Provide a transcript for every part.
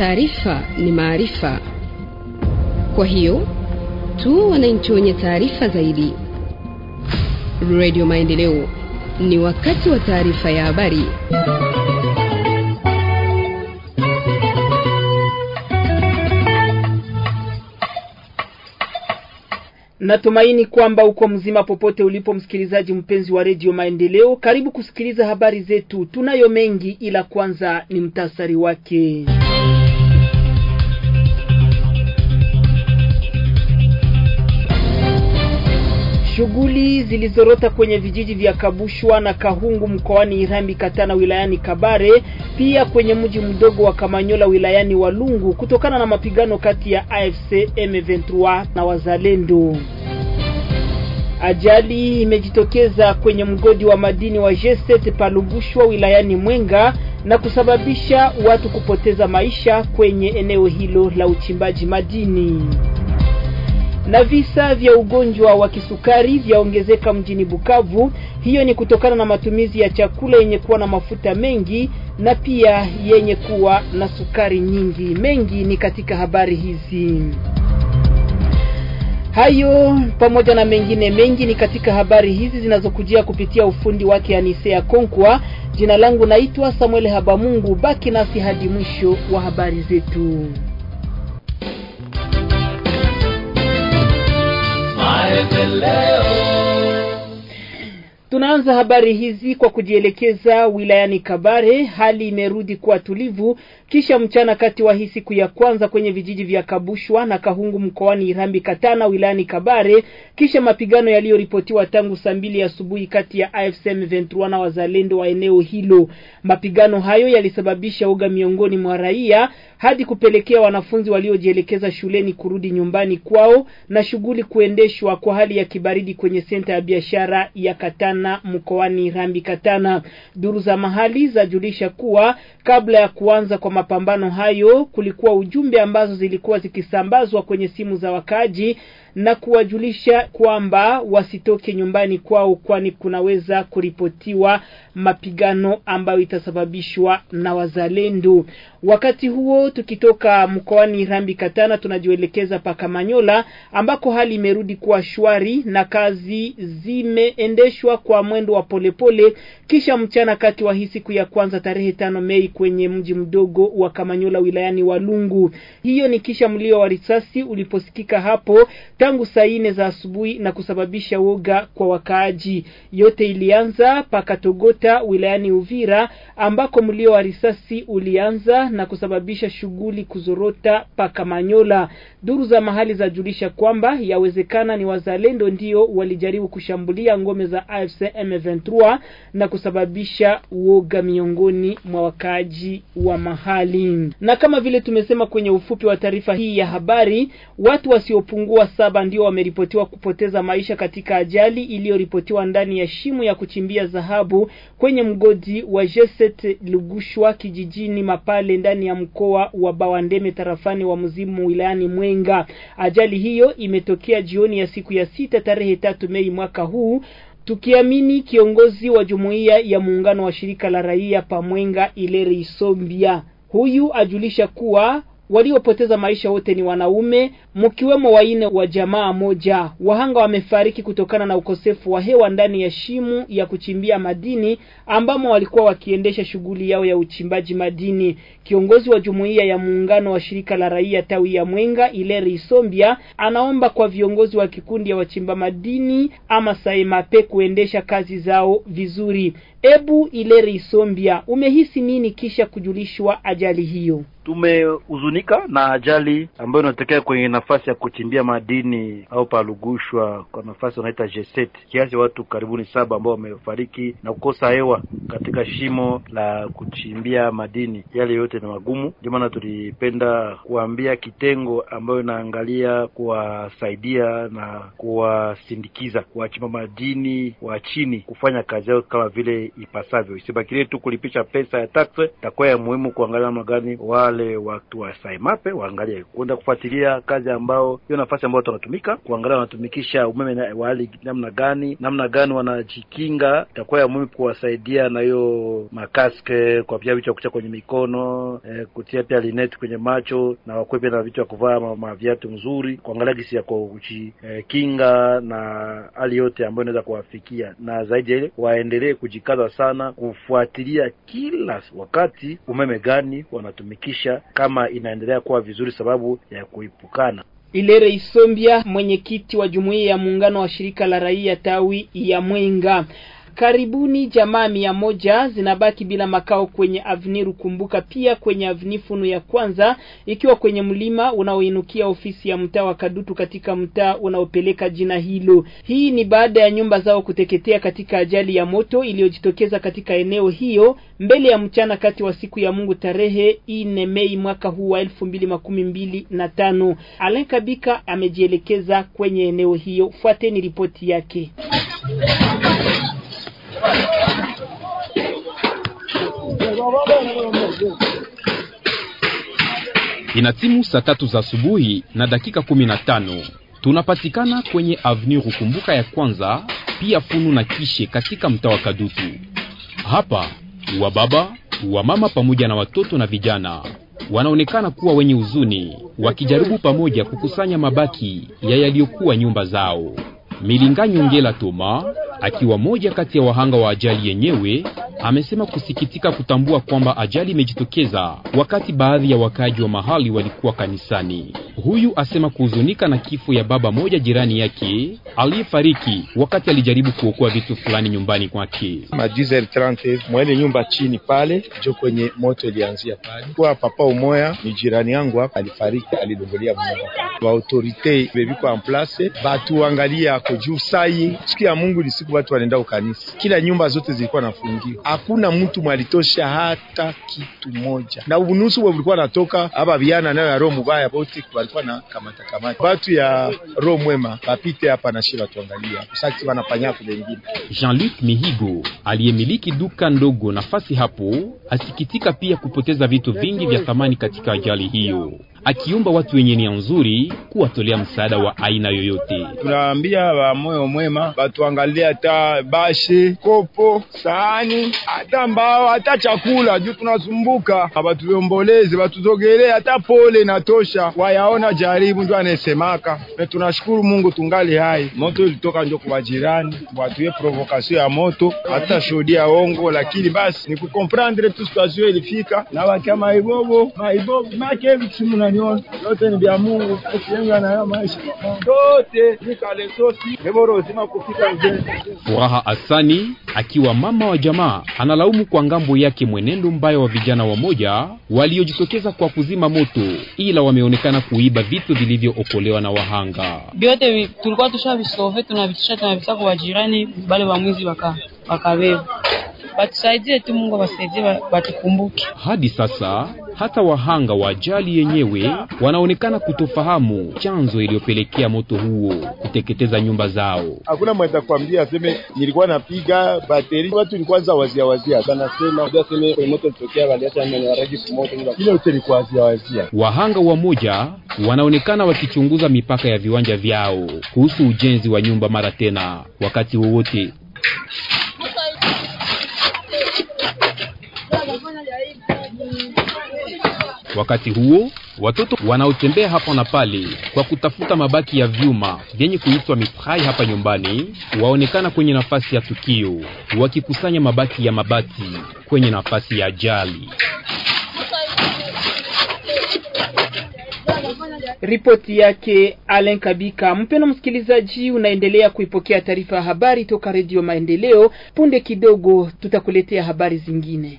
taarifa ni maarifa. Kwa hiyo tu wananchi wenye taarifa zaidi. Radio Maendeleo, ni wakati wa taarifa ya habari. Natumaini kwamba uko mzima popote ulipo, msikilizaji mpenzi wa redio Maendeleo. Karibu kusikiliza habari zetu, tunayo mengi, ila kwanza ni mtasari wake. Shughuli zilizorota kwenye vijiji vya Kabushwa na Kahungu mkoani Irambi Katana wilayani Kabare, pia kwenye mji mdogo wa Kamanyola wilayani Walungu kutokana na mapigano kati ya AFC M23 na Wazalendo. Ajali imejitokeza kwenye mgodi wa madini wa Jeset Palugushwa wilayani Mwenga na kusababisha watu kupoteza maisha kwenye eneo hilo la uchimbaji madini na visa vya ugonjwa wa kisukari vyaongezeka mjini Bukavu. Hiyo ni kutokana na matumizi ya chakula yenye kuwa na mafuta mengi na pia yenye kuwa na sukari nyingi. Mengi ni katika habari hizi. Hayo pamoja na mengine mengi ni katika habari hizi zinazokujia kupitia ufundi wake Anisea Konkwa. Jina langu naitwa Samuel Habamungu. Baki nasi hadi mwisho wa habari zetu. believe. Eh, oh. Tunaanza habari hizi kwa kujielekeza wilayani Kabare. Hali imerudi kuwa tulivu kisha mchana kati wa hii siku ya kwanza kwenye vijiji vya Kabushwa na Kahungu mkoani Irambi Katana wilayani Kabare, kisha mapigano yaliyoripotiwa tangu saa mbili asubuhi kati ya AFC M23 na wazalendo wa eneo hilo. Mapigano hayo yalisababisha uga miongoni mwa raia hadi kupelekea wanafunzi waliojielekeza shuleni kurudi nyumbani kwao na shughuli kuendeshwa kwa hali ya kibaridi kwenye senta ya biashara ya Katana na mkoani rambi katana Duru za mahali zajulisha kuwa kabla ya kuanza kwa mapambano hayo kulikuwa ujumbe ambazo zilikuwa zikisambazwa kwenye simu za wakaji na kuwajulisha kwamba wasitoke nyumbani kwao kwani kunaweza kuripotiwa mapigano ambayo itasababishwa na wazalendo. Wakati huo tukitoka mkoani Rambi Katana tunajielekeza paka Manyola ambako hali imerudi kuwa shwari na kazi zimeendeshwa kwa mwendo wa polepole kisha mchana kati wa hii siku ya kwanza tarehe tano Mei kwenye mji mdogo wa Kamanyola wilayani Walungu. Hiyo ni kisha mlio wa risasi uliposikika hapo tangu saa nne za asubuhi na kusababisha woga kwa wakaaji. Yote ilianza pakatogota wilayani Uvira ambako mlio wa risasi ulianza na kusababisha shughuli kuzorota paka Manyola. Duru za mahali zajulisha kwamba yawezekana ni wazalendo ndio walijaribu kushambulia ngome za AFC M23 na kusababisha woga miongoni mwa wakaaji wa mahali. Na kama vile tumesema kwenye ufupi wa taarifa hii ya habari, watu wasiopungua saba saba ndio wameripotiwa kupoteza maisha katika ajali iliyoripotiwa ndani ya shimo ya kuchimbia dhahabu kwenye mgodi wa Jeset Lugushwa kijijini Mapale ndani ya mkoa wa Bawandeme tarafani wa Mzimu wilayani Mwenga. Ajali hiyo imetokea jioni ya siku ya sita tarehe tatu Mei mwaka huu tukiamini kiongozi wa jumuiya ya muungano wa shirika la raia Pamwenga Ileri Isombia. Huyu ajulisha kuwa Waliopoteza maisha wote ni wanaume, mkiwemo waine wa jamaa moja. Wahanga wamefariki kutokana na ukosefu wa hewa ndani ya shimu ya kuchimbia madini ambamo walikuwa wakiendesha shughuli yao ya uchimbaji madini. Kiongozi wa jumuiya ya muungano wa shirika la raia tawi ya Mwenga Ileri Isombia anaomba kwa viongozi wa kikundi ya wachimba madini ama saemape kuendesha kazi zao vizuri. Ebu Ileri Isombia, umehisi nini kisha kujulishwa ajali hiyo? tumehuzunika na ajali ambayo inatokea kwenye nafasi ya kuchimbia madini au palugushwa kwa nafasi wanaita jeset, kiasi watu karibuni saba ambao wamefariki na kukosa hewa katika shimo la kuchimbia madini. Yale yote ni magumu, ndio maana tulipenda kuambia kitengo ambayo inaangalia kuwasaidia na kuwasindikiza kuwachimba madini wa chini kufanya kazi yao kama vile ipasavyo, isibakilie tu kulipisha pesa ya taksi. Itakuwa ya muhimu kuangalia namna gani wa wale watu wa Saimape waangalie kuenda kufuatilia kazi ambao hiyo nafasi ambayo tunatumika kuangalia wanatumikisha umeme na wali namna gani, namna gani wanajikinga. Itakuwa ya muhimu kuwasaidia na hiyo makaske, kwa pia vitu vya kwenye mikono e, kutia pia lineti kwenye macho na wakwepe na vitu vya kuvaa maviatu nzuri, kuangalia gisi ya kujikinga eh, na hali yote ambayo inaweza kuwafikia, na zaidi ya ile waendelee kujikaza sana kufuatilia kila wakati umeme gani wanatumikisha kuhakikisha kama inaendelea kuwa vizuri sababu ya kuipukana. Ilere Isombia, mwenyekiti wa jumuiya ya muungano wa shirika la raia tawi ya Mwenga. Karibuni jamaa mia moja zinabaki bila makao kwenye Avenue Rukumbuka, pia kwenye Avni Funu ya kwanza, ikiwa kwenye mlima unaoinukia ofisi ya mtaa wa Kadutu katika mtaa unaopeleka jina hilo. Hii ni baada ya nyumba zao kuteketea katika ajali ya moto iliyojitokeza katika eneo hiyo mbele ya mchana kati wa siku ya Mungu tarehe ine Mei mwaka huu wa elfu mbili makumi mbili na tano. Alain Kabika amejielekeza kwenye eneo hiyo. Fuateni ripoti yake. Ina timu saa tatu za asubuhi na dakika kumi na tano tunapatikana kwenye avenue Rukumbuka ya kwanza pia Funu na Kishe katika mtaa wa Kadutu. Hapa wa baba wa mama pamoja na watoto na vijana wanaonekana kuwa wenye huzuni, wakijaribu pamoja kukusanya mabaki ya yaliyokuwa nyumba zao. Milinga Nyongela Toma akiwa moja kati ya wahanga wa ajali yenyewe, amesema kusikitika kutambua kwamba ajali imejitokeza wakati baadhi ya wakaaji wa mahali walikuwa kanisani. Huyu asema kuhuzunika na kifo ya baba moja jirani yake aliyefariki wakati alijaribu kuokoa vitu fulani nyumbani kwake. Majizel 30 mwele nyumba chini pale jo kwenye moto ilianzia pale kwa papa umoya, ni jirani yangu hapa, alifariki alidongolia mmoja wa autorite bebiko en place, batu angalia ako juu sai. Siku ya Mungu ni siku watu wanaenda ukanisa, kila nyumba zote zilikuwa nafungiwa, hakuna mtu mwalitosha hata kitu moja, na ubunusu bwe bulikuwa natoka aba biana nayo ya roho mubaya bote kwa banakuwa na kamata kamata batu ya roho mwema bapite hapa na shira tuangalia kusati wanafanya kwa Jean-Luc Mihigo aliyemiliki duka ndogo nafasi hapo asikitika pia kupoteza vitu vingi vya thamani katika ajali hiyo akiomba watu wenye nia nzuri kuwatolea msaada wa aina yoyote. Tunaambia wa moyo mwema watuangalie hata bashi, kopo, sahani, hata mbao, hata chakula juu tunasumbuka. Abatuomboleze, batuzogelee hata pole na tosha, wayaona jaribu ndio anayesemaka. Na tunashukuru Mungu tungali hai. Moto ilitoka njo kwa jirani, watuye provokasio ya moto hata shuhudia ongo, lakini basi ni kukomprendre tu situation ilifika na wakama ibobo maibobo make mna vyote ni vya Mungu, na maisha yote zima kufika mbele. Furaha Asani akiwa mama wa jamaa analaumu kwa ngambo yake mwenendo mbaya wa vijana wa moja waliojitokeza kwa kuzima moto, ila wameonekana kuiba vitu vilivyookolewa na wahanga. Vyote tulikuwa tusha tushavisove, tunavitisha tunavita kwa jirani, bale wamwizi waka wakabeba. Batusaidie tu, Mungu wasaidie batukumbuke hadi sasa. Hata wahanga wa ajali yenyewe wanaonekana kutofahamu chanzo iliyopelekea moto huo kuteketeza nyumba zao. Hakuna mwenye atakwambia aseme nilikuwa napiga bateri, watu ni kwanza wazia wazia, anasema aseme kwa moto ulitokea, waliacha moto ile yote ilikuwa wazia wazia. Wahanga wa moja wanaonekana wakichunguza mipaka ya viwanja vyao kuhusu ujenzi wa nyumba mara tena wakati wowote. Wakati huo watoto wanaotembea hapa na pale kwa kutafuta mabaki ya vyuma vyenye kuitwa mitrai hapa nyumbani waonekana kwenye nafasi ya tukio wakikusanya mabaki ya mabati kwenye nafasi ya ajali. Ripoti yake Alen Kabika. Mpeno msikilizaji, unaendelea kuipokea taarifa ya habari toka Redio Maendeleo. Punde kidogo tutakuletea habari zingine.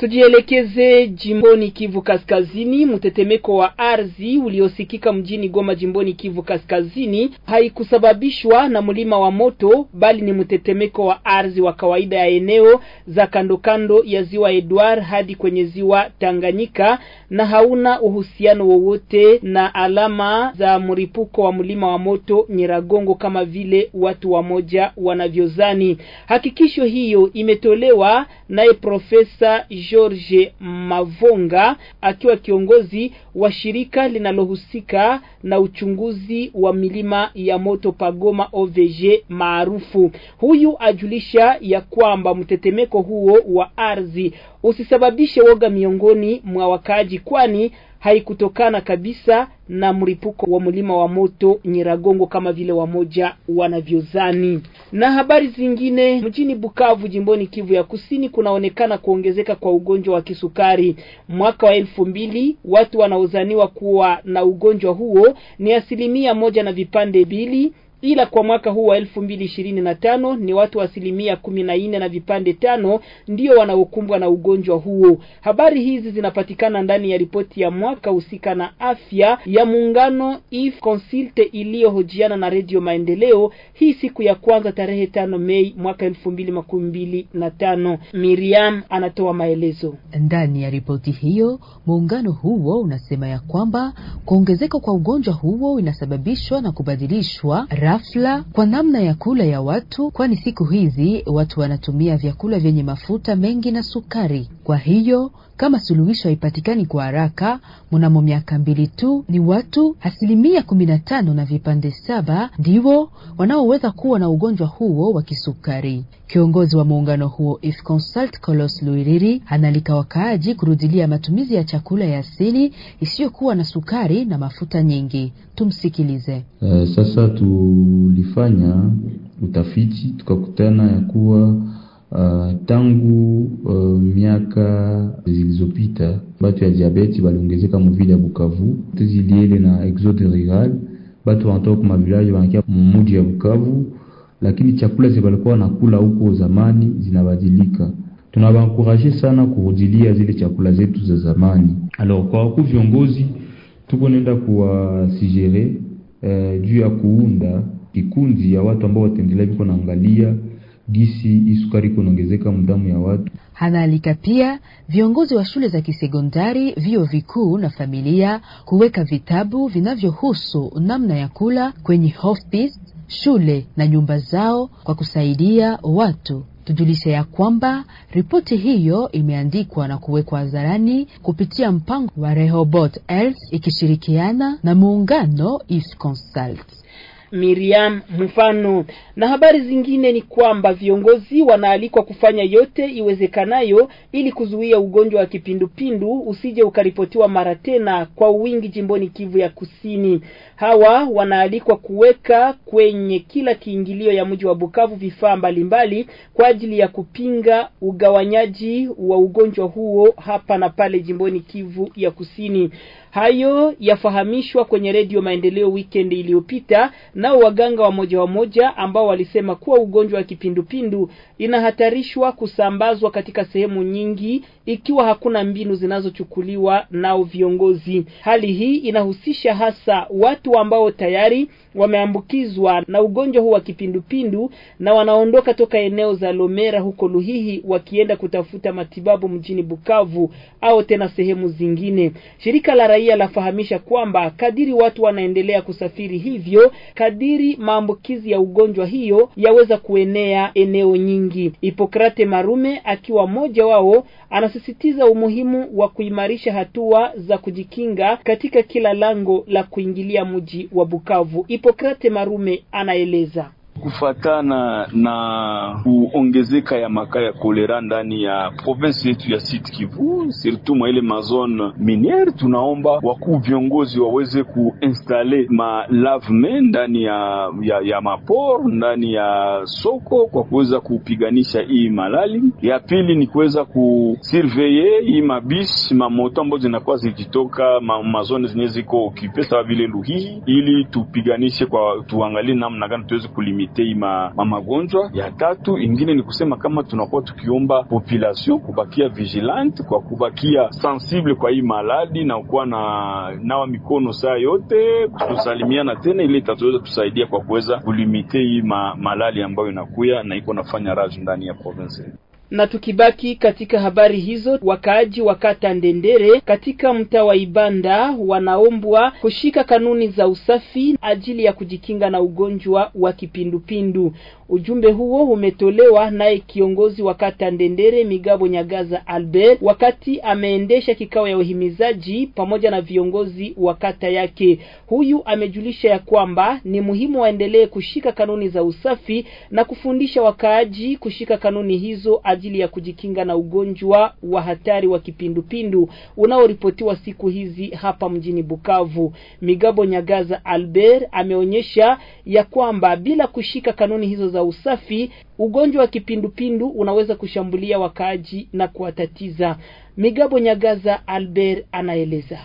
Tujielekeze jimboni Kivu Kaskazini. Mtetemeko wa ardhi uliosikika mjini Goma jimboni Kivu Kaskazini haikusababishwa na mlima wa moto, bali ni mtetemeko wa ardhi wa kawaida ya eneo za kando kando ya ziwa Edward hadi kwenye ziwa Tanganyika na hauna uhusiano wowote na alama za mripuko wa mlima wa moto Nyiragongo kama vile watu wamoja wanavyozani. Hakikisho hiyo imetolewa naye Profesa George Mavonga akiwa kiongozi wa shirika linalohusika na uchunguzi wa milima ya moto Pagoma OVG maarufu. Huyu ajulisha ya kwamba mtetemeko huo wa ardhi usisababishe woga miongoni mwa wakaaji kwani haikutokana kabisa na mlipuko wa mlima wa moto Nyiragongo kama vile wamoja wanavyozani. Na habari zingine, mjini Bukavu jimboni Kivu ya Kusini kunaonekana kuongezeka kwa ugonjwa wa kisukari. Mwaka wa elfu mbili watu wanaozaniwa kuwa na ugonjwa huo ni asilimia moja na vipande mbili ila kwa mwaka huu wa elfu mbili ishirini na tano ni watu asilimia kumi na nne na vipande tano ndio wanaokumbwa na ugonjwa huo. Habari hizi zinapatikana ndani ya ripoti ya mwaka husika na afya ya muungano If Consulte iliyohojiana na Redio Maendeleo hii siku ya kwanza tarehe tano Mei mwaka elfu mbili makumi mbili na tano. Miriam anatoa maelezo ndani ya ripoti hiyo. Muungano huo unasema ya kwamba kuongezeka kwa ugonjwa huo inasababishwa na kubadilishwa ghafla kwa namna ya kula ya watu, kwani siku hizi watu wanatumia vyakula vyenye mafuta mengi na sukari. Kwa hiyo kama suluhisho haipatikani kwa haraka, mnamo miaka mbili tu ni watu asilimia kumi na tano na vipande saba ndiwo wanaoweza kuwa na ugonjwa huo wa kisukari. Kiongozi wa muungano huo If Consult Colos Luiriri analika wakaaji kurudilia matumizi ya chakula ya asili isiyokuwa na sukari na mafuta nyingi. Tumsikilize. Uh, sasa tulifanya utafiti tukakutana ya kuwa Uh, tangu uh, miaka zilizopita batu ya diabeti baliongezeka muvili ya Bukavu tezi liele na exode rural, batu wanatoka kuma vilaji wanakia mumuji ya Bukavu, lakini chakula zibalikuwa nakula huko zamani zinabadilika. Tunabankuraje sana kurudilia zile chakula zetu za zamani. Alors kwa wakuu viongozi tuko nenda kuwasigere uh, juu ya kuunda kikundi ya watu ambao wataendelea viko naangalia gisi isukari kunaongezeka mdamu ya watu. Hadhalika pia viongozi wa shule za kisekondari, vio vikuu na familia kuweka vitabu vinavyohusu namna ya kula kwenye hofis shule na nyumba zao kwa kusaidia watu. Tujulishe ya kwamba ripoti hiyo imeandikwa na kuwekwa hadharani kupitia mpango wa rehobot els ikishirikiana na muungano East Consult. Miriam mfano. Na habari zingine ni kwamba viongozi wanaalikwa kufanya yote iwezekanayo ili kuzuia ugonjwa wa kipindupindu usije ukaripotiwa mara tena kwa wingi jimboni Kivu ya Kusini. Hawa wanaalikwa kuweka kwenye kila kiingilio ya mji wa Bukavu vifaa mbalimbali kwa ajili ya kupinga ugawanyaji wa ugonjwa huo hapa na pale jimboni Kivu ya Kusini. Hayo yafahamishwa kwenye redio Maendeleo weekend iliyopita, nao waganga wa moja wa moja ambao walisema kuwa ugonjwa wa kipindupindu inahatarishwa kusambazwa katika sehemu nyingi ikiwa hakuna mbinu zinazochukuliwa nao viongozi. Hali hii inahusisha hasa watu ambao tayari wameambukizwa na ugonjwa huu wa kipindupindu na wanaondoka toka eneo za Lomera huko Luhihi wakienda kutafuta matibabu mjini Bukavu au tena sehemu zingine. Shirika la raia lafahamisha kwamba kadiri watu wanaendelea kusafiri hivyo, kadiri maambukizi ya ugonjwa hiyo yaweza kuenea eneo nyingi. Hipokrate Marume akiwa mmoja wao, anasisitiza umuhimu wa kuimarisha hatua za kujikinga katika kila lango la kuingilia mji wa Bukavu. Hipokrate Marume anaeleza kufatana na kuongezeka ya makaa ya kolera ndani ya province yetu ya Sud Kivu, surtout mwa ile mazone miniere, tunaomba wakuu viongozi waweze kuinstale ma ndani ya, ya, ya mapor ndani ya soko kwa kuweza kupiganisha hii malali. Ya pili ni kuweza kusurveye hii mabishi mamoto ambazo zinakuwa zikitoka ma, mazone zenye ziko okipe sawa vile Luhihi, ili tupiganishe kwa tuangalie namna gani tuweze kulimita kuwaletei ma, ma magonjwa. Ya tatu ingine ni kusema kama tunakuwa tukiomba population kubakia vigilante kwa kubakia sensible kwa hii maladi na kuwa na nawa mikono saa yote, kusalimiana tena, ile itatuweza kusaidia kwa kuweza kulimite hii ma, malali ambayo inakuya na iko nafanya raju ndani ya province. Na tukibaki katika habari hizo, wakaaji wa kata Ndendere katika mtaa wa Ibanda wanaombwa kushika kanuni za usafi ajili ya kujikinga na ugonjwa wa kipindupindu. Ujumbe huo umetolewa naye kiongozi wa kata Ndendere Migabo Nyagaza Albert wakati ameendesha kikao ya uhimizaji pamoja na viongozi wa kata yake. Huyu amejulisha ya kwamba ni muhimu waendelee kushika kanuni za usafi na kufundisha wakaaji kushika kanuni hizo ajili ya kujikinga na ugonjwa wa hatari wa kipindupindu unaoripotiwa siku hizi hapa mjini Bukavu. Migabo Nyagaza Albert ameonyesha ya kwamba bila kushika kanuni hizo za usafi, ugonjwa wa kipindupindu unaweza kushambulia wakaaji na kuwatatiza. Migabo Nyagaza Albert anaeleza.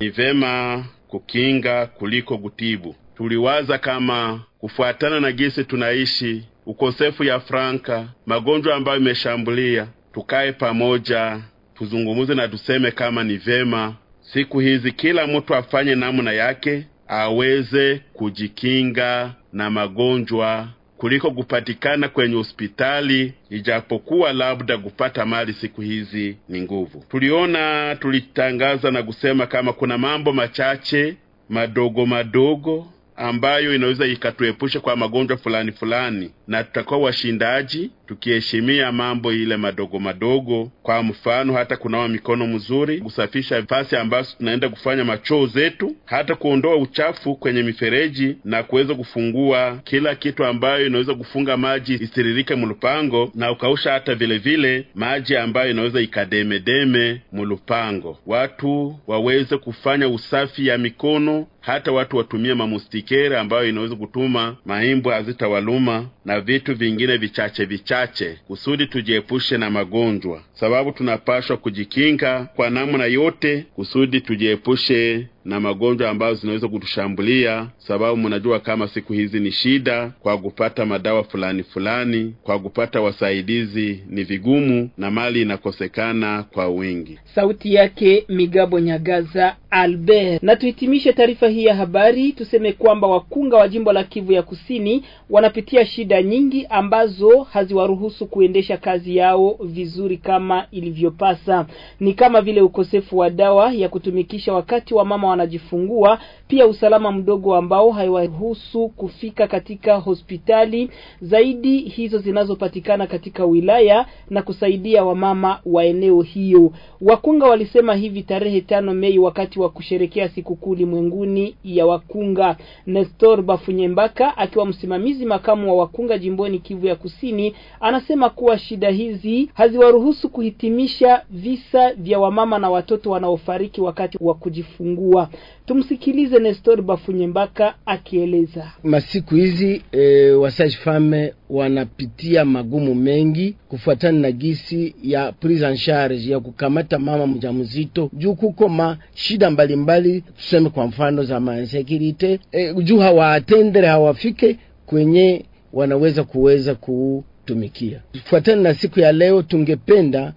Ni vema kukinga kuliko kutibu. Tuliwaza kama kufuatana na gesi tunaishi ukosefu ya franka, magonjwa ambayo imeshambulia. Tukae pamoja, tuzungumuze na tuseme kama ni vema siku hizi kila mtu afanye namna yake aweze kujikinga na magonjwa kuliko kupatikana kwenye hospitali, ijapokuwa labda kupata mali siku hizi ni nguvu. Tuliona, tulitangaza na kusema kama kuna mambo machache madogo madogo ambayo inaweza ikatuepusha kwa magonjwa fulani fulani na tutakuwa washindaji tukiheshimia mambo ile madogo madogo, kwa mfano hata kunawa mikono mzuri, kusafisha fasi ambazo tunaenda kufanya machoo zetu, hata kuondoa uchafu kwenye mifereji na kuweza kufungua kila kitu ambayo inaweza kufunga maji isiririke mulupango na ukausha, hata vilevile vile, maji ambayo inaweza ikademedeme mulupango. Watu waweze kufanya usafi ya mikono, hata watu watumie mamustikere ambayo inaweza kutuma maimbu hazitawaluma na na vitu vingine vichache vichache, kusudi tujiepushe na magonjwa, sababu tunapaswa kujikinga kwa namna yote kusudi tujiepushe na magonjwa ambayo zinaweza kutushambulia, sababu mnajua kama siku hizi ni shida kwa kupata madawa fulani fulani, kwa kupata wasaidizi ni vigumu, na mali inakosekana kwa wingi. Sauti yake Migabo Nyagaza Albert. Na tuhitimishe taarifa hii ya habari, tuseme kwamba wakunga wa jimbo la Kivu ya Kusini wanapitia shida nyingi ambazo haziwaruhusu kuendesha kazi yao vizuri kama ilivyopasa, ni kama vile ukosefu wa dawa ya kutumikisha wakati wa mama wa wanajifungua, pia usalama mdogo ambao haiwaruhusu kufika katika hospitali zaidi hizo zinazopatikana katika wilaya na kusaidia wamama wa eneo hiyo. Wakunga walisema hivi tarehe tano Mei wakati wa kusherekea sikukuu ulimwenguni ya wakunga. Nestor Bafunyembaka akiwa msimamizi makamu wa wakunga jimboni Kivu ya Kusini anasema kuwa shida hizi haziwaruhusu kuhitimisha visa vya wamama na watoto wanaofariki wakati wa kujifungua. Tumsikilize Nestor Bafunyembaka akieleza masiku hizi e, wasage femme wanapitia magumu mengi kufuatana na gisi ya prise en charge ya kukamata mama mjamzito, juu kuko ma shida mbalimbali, tuseme kwa mfano za mansekirite e, juu hawaatendere hawafike kwenye wanaweza kuweza ku tumikia kufuatana na siku ya leo, tungependa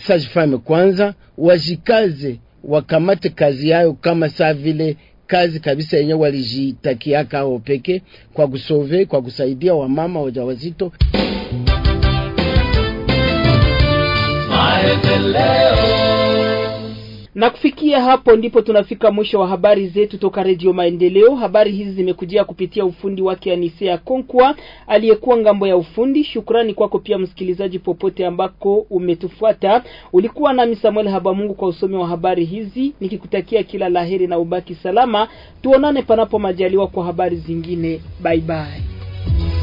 sage femme kwanza wajikaze wakamate kazi yao kama saa vile kazi kabisa yenye walijitakia kao peke kwa kusove kwa kusaidia wamama wajawazito na kufikia hapo ndipo tunafika mwisho wa habari zetu toka Redio Maendeleo. Habari hizi zimekujia kupitia ufundi wake Anisea Konkwa aliyekuwa ngambo ya ufundi. Shukrani kwako pia msikilizaji, popote ambako umetufuata. Ulikuwa nami Samuel Habamungu kwa usomi wa habari hizi, nikikutakia kila laheri na ubaki salama. Tuonane panapo majaliwa kwa habari zingine. Bye bye.